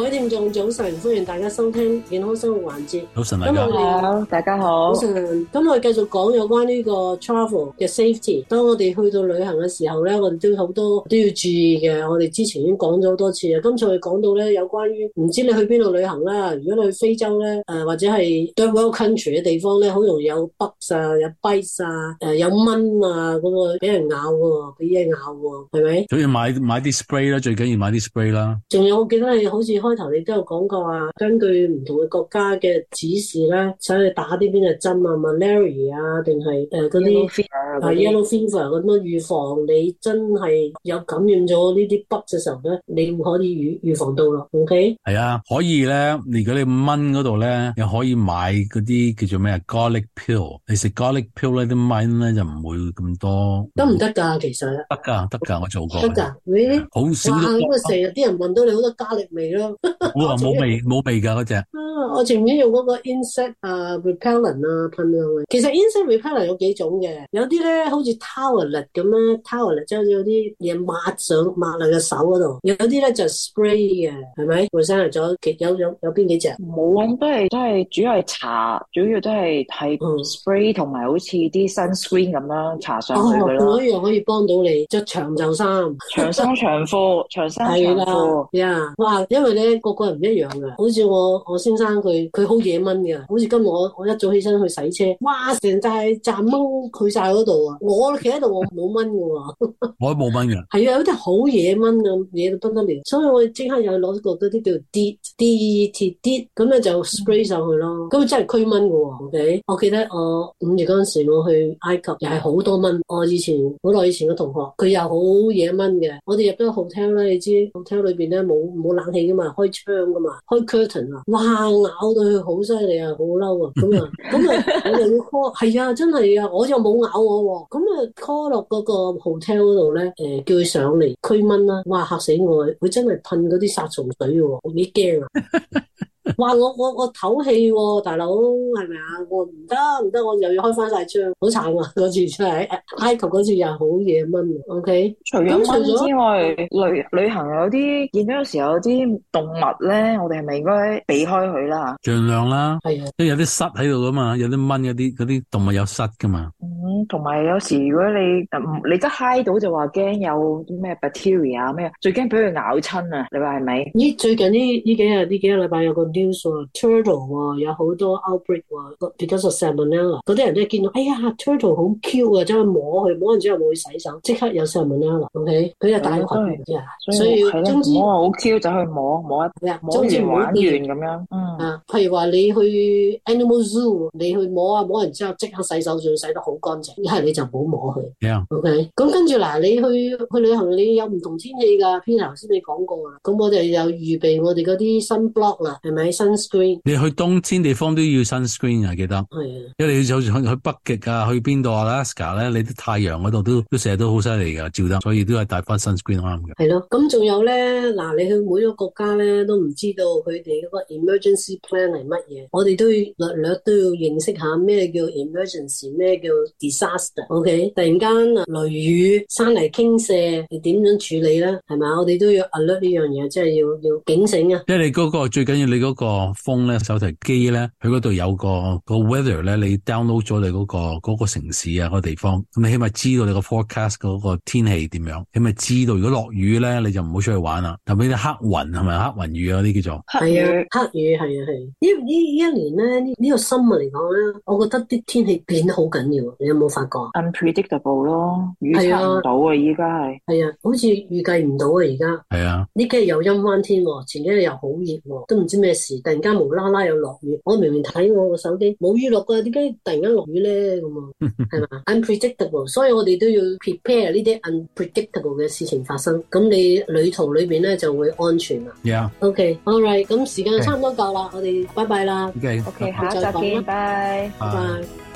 各位聽眾早晨，歡迎大家收聽健康生活環節。早晨，大家好。早晨，咁我哋繼續講有關呢個 travel 嘅 safety。當我哋去到旅行嘅時候咧，我哋都好多都要注意嘅。我哋之前已經講咗好多次啊。今次我哋講到咧有關於唔知你去邊度旅行啦。如果你去非洲咧，誒、呃、或者係 develop country 嘅地方咧，好容易有 bugs 啊，有 bites 啊，誒有蚊啊，嗰、嗰個俾人咬喎，俾人咬喎，係咪？所以買買啲 spray 啦，最緊要買啲 spray 啦。仲有，我記得你好似開。開頭你都有講過啊，根據唔同嘅國家嘅指示咧，想去打啲邊嘅針啊，Malaria 啊，定係誒嗰啲啊 yellow fever 咁樣預防。你真係有感染咗呢啲 bug 嘅時候咧，你會可以預預防到咯。OK？係啊，可以咧。如果你蚊嗰度咧，又可以買嗰啲叫做咩啊 garlic pill。你食 garlic pill 咧，啲蚊咧就唔會咁多。得唔得噶？其實得噶，得噶，我做過。得噶，你好少都得。因為成日啲人聞到你好多 garlic 味咯～我話冇味冇味噶嗰隻我前邊、哦 啊、用嗰個 insect 啊、uh, repellent 啊噴上去。其實 insect repellent 有幾種嘅，有啲咧好似 towelette 咁啊 towelette 即係有啲嘢抹上抹落個手嗰度，有啲咧就係、spray 嘅，係咪？我生嚟咗，有有有邊幾隻？冇、嗯，都係都係主要係搽，主要都係係 spray 同埋好似啲 sunscreen 咁啦。搽上去一樣可以幫到你，着長袖衫、 長衫、長褲、長衫、長褲。係啦，哇，因為你。個個人唔一樣嘅，好似我我先生佢佢好野蚊嘅，好似今日我我一早起身去洗車，哇成大站蚊掹佢晒嗰度啊！我企喺度我冇蚊嘅喎，我冇蚊嘅，係 啊，有啲好野蚊咁，嘢到不得了，所以我即刻又攞一個啲叫 did d i t d 咁樣就 spray 上去咯，咁真係驅蚊嘅。OK，我記得我五月嗰陣時我去埃及，又係好多蚊。我以前好耐以前嘅同學，佢又好野蚊嘅。我哋入咗 hotel 啦，你知 hotel 裏邊咧冇冇冷氣噶嘛？開窗㗎嘛，開 curtain 啊，哇咬到佢好犀利啊，好嬲啊，咁 啊，咁啊，我又要 call，係啊，呃、啊真係啊，我又冇咬我喎，咁啊 call 落嗰個 hotel 嗰度咧，誒，叫佢上嚟驅蚊啦，哇吓死我，佢真係噴嗰啲殺蟲水喎，我幾驚啊！ 哇！我我我唞氣喎、啊，大佬係咪啊？我唔得唔得，我又要開翻晒窗，好慘啊！嗰次真係，埃及嗰次又係好嘢蚊。O、okay? K，除咗蚊之外，呃、旅旅行有啲見到有時候有啲動物咧，我哋係咪應該避開佢啦？盡量啦，即係有啲塞喺度噶嘛，有啲蚊嗰啲嗰啲動物有塞噶嘛。同埋有，有時如果你唔你得嗨到就話驚有啲咩 bacteria 咩，最驚俾佢咬親啊！你話係咪？咦，最近呢呢幾日呢幾個禮拜有個 news 話 turtle 有好多 outbreak 喎，because of salmonella。嗰啲人都見到，哎呀 turtle 好 Q 啊，走去摸佢、okay?，摸完之後冇去洗手，即刻有 salmonella。OK，佢就大咗群啲，所以總之我好 Q，u 走去摸摸一，總之玩完咁樣。譬如話你去 Animal Zoo，你去摸啊，摸完之後即刻洗手，就洗得好乾淨。一係你就唔好摸佢。OK，咁跟住嗱，你去去旅行，你有唔同天氣噶。Peter 頭先你講過啊，咁我哋又預備我哋嗰啲 sunblock 啦，係咪？sunscreen。你去冬天地方都要 sunscreen 啊，記得。係啊。因為你去好似去去北極啊，去邊度 Alaska 咧，你啲太陽嗰度都都成日都好犀利噶，照得，所以都係帶翻 sunscreen 啱嘅。係咯，咁仲有咧，嗱，你去每個國家咧都唔知道佢哋嗰個 emergency plan。乜嘢？我哋都要略略都要認識下咩叫 emergency，咩叫 disaster。OK，突然間啊，雷雨、山泥傾瀉，你點樣處理咧？係咪？我哋都要 alert 呢樣嘢，即係要要警醒啊！即係你嗰個最緊要，你嗰個 phone 咧，手提機咧，佢嗰度有個個 weather 咧，你 download 咗你嗰個嗰個城市啊、嗰個地方，咁你起碼知道你個 forecast 嗰個天氣點樣，起碼知道如果落雨咧，你就唔好出去玩啦。特別啲黑雲係咪黑雲雨啊？嗰啲叫做係啊，黑雨係啊係。呢呢一年咧，這這個、來呢呢個新聞嚟講咧，我覺得啲天氣變得好緊要。你有冇發覺？Unpredictable 咯，預測唔到啊！而家係係啊，好似預計唔到啊！而家係啊，呢幾日又陰彎天，前幾日又好熱，都唔知咩事，突然間無啦啦又落雨。我明明睇我個手機冇雨落噶，點解突然間落雨咧？咁 啊，係嘛？Unpredictable，所以我哋都要 prepare 呢啲 unpredictable 嘅事情發生。咁你旅途裏邊咧就會安全啦。Yeah。Okay。All right。咁時間差唔多夠啦，yeah. 我哋。拜拜啦，OK，下集見，拜，拜。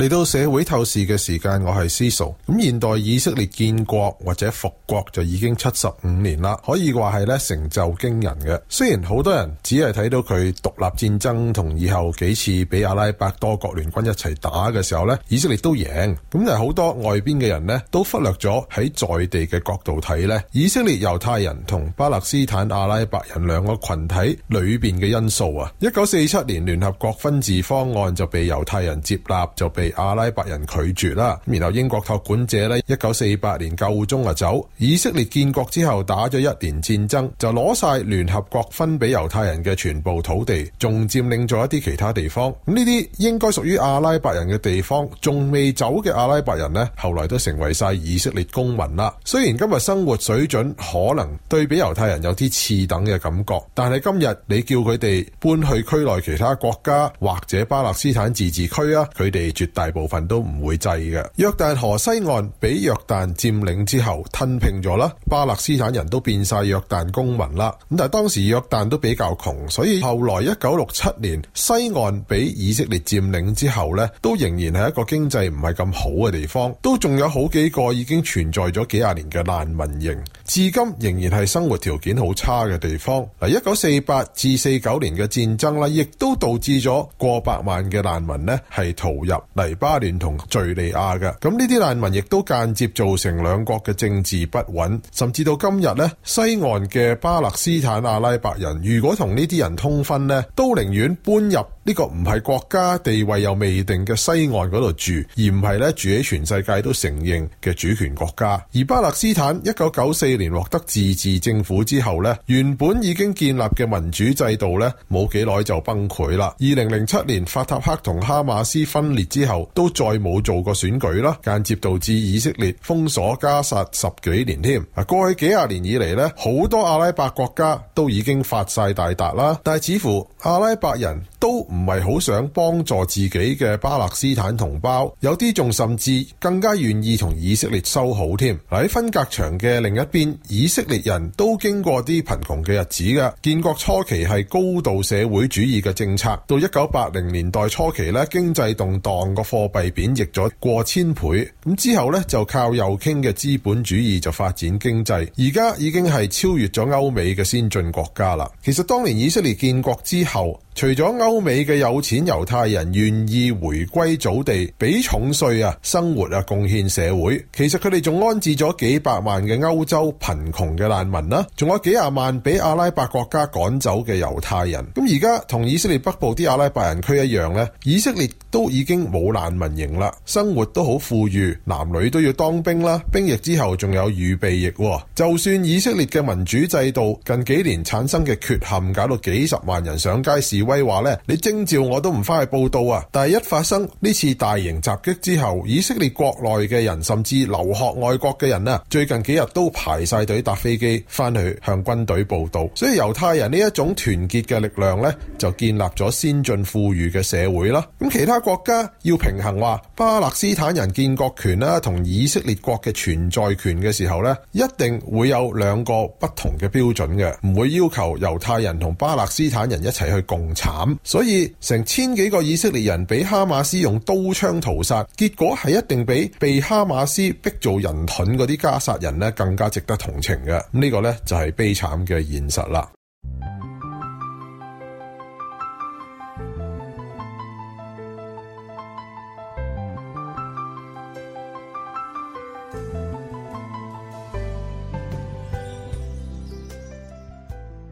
嚟到社會透視嘅時間，我係思咁。現代以色列建國或者復國就已經七十五年啦，可以話係咧成就驚人嘅。雖然好多人只係睇到佢獨立戰爭同以後幾次俾阿拉伯多國聯軍一齊打嘅時候咧，以色列都贏。咁但係好多外邊嘅人咧都忽略咗喺在，在地嘅角度睇咧，以色列猶太人同巴勒斯坦阿拉伯人兩個群體裏面嘅因素啊。一九四七年聯合國分治方案就被猶太人接納就被。阿拉伯人拒絕啦、啊，然後英國託管者咧，一九四八年夠鐘就走。以色列建國之後打咗一年戰爭，就攞晒聯合國分俾猶太人嘅全部土地，仲佔領咗一啲其他地方。咁呢啲應該屬於阿拉伯人嘅地方，仲未走嘅阿拉伯人呢，後來都成為晒以色列公民啦。雖然今日生活水準可能對比猶太人有啲次等嘅感覺，但係今日你叫佢哋搬去區內其他國家或者巴勒斯坦自治區啊，佢哋絕對。大部分都唔會制嘅。約旦河西岸俾約旦佔領之後吞併咗啦，巴勒斯坦人都變晒約旦公民啦。咁但係當時約旦都比較窮，所以後來一九六七年西岸俾以色列佔領之後呢，都仍然係一個經濟唔係咁好嘅地方，都仲有好幾個已經存在咗幾廿年嘅難民營，至今仍然係生活條件好差嘅地方。嗱，一九四八至四九年嘅戰爭啦，亦都導致咗過百萬嘅難民呢係逃入。黎巴嫩同敍利亞嘅，咁呢啲難民亦都間接造成兩國嘅政治不穩，甚至到今日呢，西岸嘅巴勒斯坦阿拉伯人，如果同呢啲人通婚呢，都寧願搬入。呢、這個唔係國家地位又未定嘅西岸嗰度住，而唔係咧住喺全世界都承認嘅主權國家。而巴勒斯坦一九九四年獲得自治政府之後呢，原本已經建立嘅民主制度呢，冇幾耐就崩潰啦。二零零七年法塔克同哈馬斯分裂之後，都再冇做過選舉啦，間接導致以色列封鎖加沙十幾年添。啊，過去幾廿年以嚟呢，好多阿拉伯國家都已經發晒大達啦，但係似乎阿拉伯人都唔。唔係好想幫助自己嘅巴勒斯坦同胞，有啲仲甚至更加願意同以色列修好添。喺分隔牆嘅另一邊，以色列人都經過啲貧窮嘅日子噶。建國初期係高度社會主義嘅政策，到一九八零年代初期咧，經濟動盪，個貨幣貶值咗過千倍。咁之後咧，就靠右傾嘅資本主義就發展經濟，而家已經係超越咗歐美嘅先進國家啦。其實當年以色列建國之後。除咗歐美嘅有錢猶太人願意回歸祖地，俾重稅啊，生活啊，貢獻社會，其實佢哋仲安置咗幾百萬嘅歐洲貧窮嘅難民啦，仲有幾十萬俾阿拉伯國家趕走嘅猶太人。咁而家同以色列北部啲阿拉伯人區一樣呢，以色列都已經冇難民營啦，生活都好富裕，男女都要當兵啦，兵役之後仲有預備役。就算以色列嘅民主制度近幾年產生嘅缺陷，搞到幾十萬人上街市。威話咧，你徵召我都唔翻去報道啊！但係一發生呢次大型襲擊之後，以色列國內嘅人甚至留學外國嘅人啊，最近幾日都排晒隊搭飛機翻去向軍隊報道。所以猶太人呢一種團結嘅力量咧，就建立咗先進富裕嘅社會啦。咁其他國家要平衡話巴勒斯坦人建國權啦，同以色列國嘅存在權嘅時候咧，一定會有兩個不同嘅標準嘅，唔會要求猶太人同巴勒斯坦人一齊去共慘，所以成千幾個以色列人俾哈馬斯用刀槍屠殺，結果係一定比被哈馬斯逼做人盾嗰啲加沙人咧更加值得同情嘅。嗯這個、呢個咧就係、是、悲慘嘅現實啦。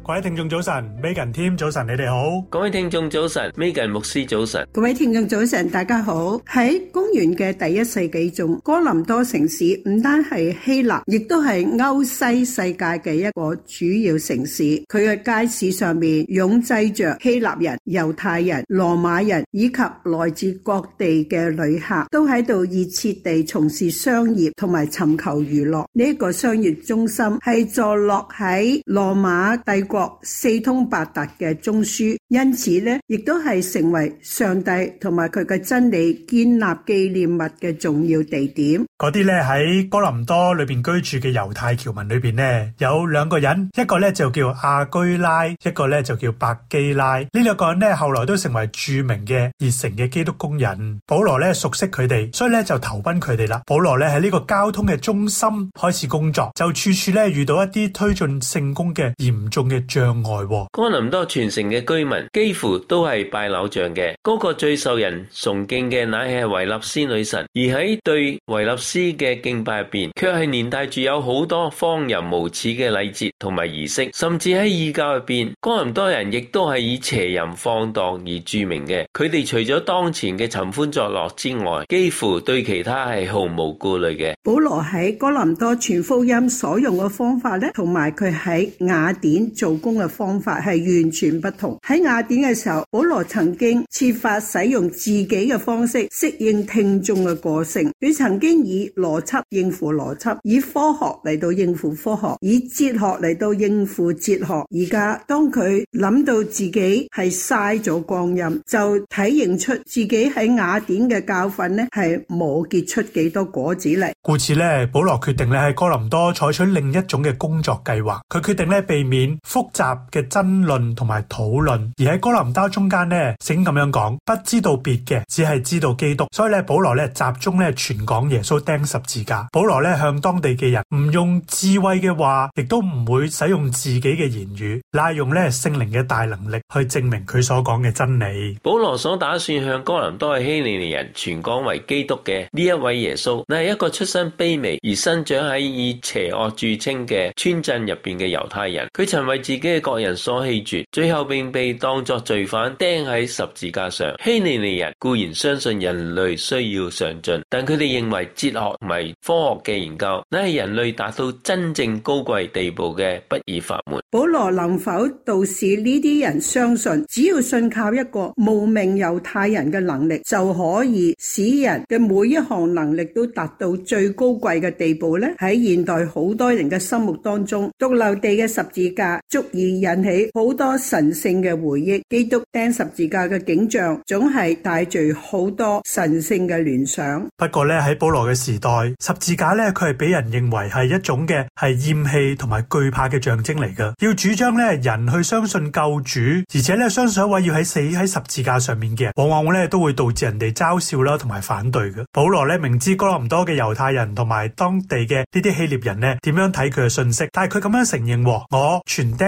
各位聽眾早晨，Megan Team 早晨，你哋好。各位聽眾早晨，Megan 牧師早晨。各位聽眾早晨，大家好。喺公元嘅第一世紀中，哥林多城市唔單係希臘，亦都係歐西世界嘅一個主要城市。佢嘅街市上面擁擠着希臘人、猶太人、羅馬人以及來自各地嘅旅客，都喺度熱切地從事商業同埋尋求娛樂。呢一個商業中心係坐落喺羅馬帝國，四通八達嘅中樞，因此咧，亦都係成為上帝同埋佢嘅真理建立紀念物嘅重要地點。嗰啲咧喺哥林多裏邊居住嘅猶太僑民裏邊呢，有兩個人，一個咧就叫亞居拉，一個咧就叫百基拉。呢兩個人咧後來都成為著名嘅熱誠嘅基督工人。保羅咧熟悉佢哋，所以咧就投奔佢哋啦。保羅咧喺呢個交通嘅中心開始工作，就處處咧遇到一啲推進聖工嘅嚴重嘅。障礙喎，哥林多全城嘅居民幾乎都係拜偶像嘅。嗰個最受人崇敬嘅，乃係維納斯女神。而喺對維納斯嘅敬拜入邊，卻係連帶住有好多荒淫無恥嘅禮節同埋儀式。甚至喺異教入邊，哥林多人亦都係以邪淫放蕩而著名嘅。佢哋除咗當前嘅尋歡作樂之外，幾乎對其他係毫無顧慮嘅。保羅喺哥林多傳福音所用嘅方法咧，同埋佢喺雅典做工嘅方法係完全不同。喺雅典嘅時候，保羅曾經設法使用自己嘅方式適應聽眾嘅個性。佢曾經以邏輯應付邏輯，以科學嚟到應付科學，以哲學嚟到應付哲學。而家當佢諗到自己係嘥咗光陰，就體認出自己喺雅典嘅教訓呢，係冇結出幾多果子嚟。故此呢，保羅決定咧喺哥林多採取另一種嘅工作計劃。佢決定咧避免復。集嘅爭論同埋討論，而喺哥林多中間呢，醒咁樣講，不知道別嘅，只係知道基督。所以咧，保羅咧集中咧傳講耶穌釘十字架。保羅咧向當地嘅人，唔用智慧嘅話，亦都唔會使用自己嘅言語，乃用咧聖靈嘅大能力去證明佢所講嘅真理。保羅所打算向哥林多嘅希利尼人傳講為基督嘅呢一位耶穌，乃係一個出身卑微而生長喺以邪惡著稱嘅村鎮入邊嘅猶太人，佢曾為自己自己嘅個人所棄絕，最後並被當作罪犯釘喺十字架上。希利尼人固然相信人類需要上進，但佢哋認為哲學係科學嘅研究，乃係人類達到真正高貴地步嘅不二法門。保羅能否導使呢啲人相信，只要信靠一個無名猶太人嘅能力，就可以使人嘅每一項能力都達到最高貴嘅地步呢？喺現代好多人嘅心目當中，髑髏地嘅十字架。足以引起好多神聖嘅回憶，基督釘十字架嘅景象總係帶住好多神聖嘅聯想。不過咧，喺保羅嘅時代，十字架咧，佢係俾人認為係一種嘅係厭棄同埋懼怕嘅象徵嚟嘅。要主張咧人去相信救主，而且咧相信一位要喺死喺十字架上面嘅人，往往咧都會導致人哋嘲笑啦同埋反對嘅。保羅咧明知哥林多嘅猶太人同埋當地嘅呢啲希臘人咧點樣睇佢嘅信息，但係佢咁樣承認我傳釘。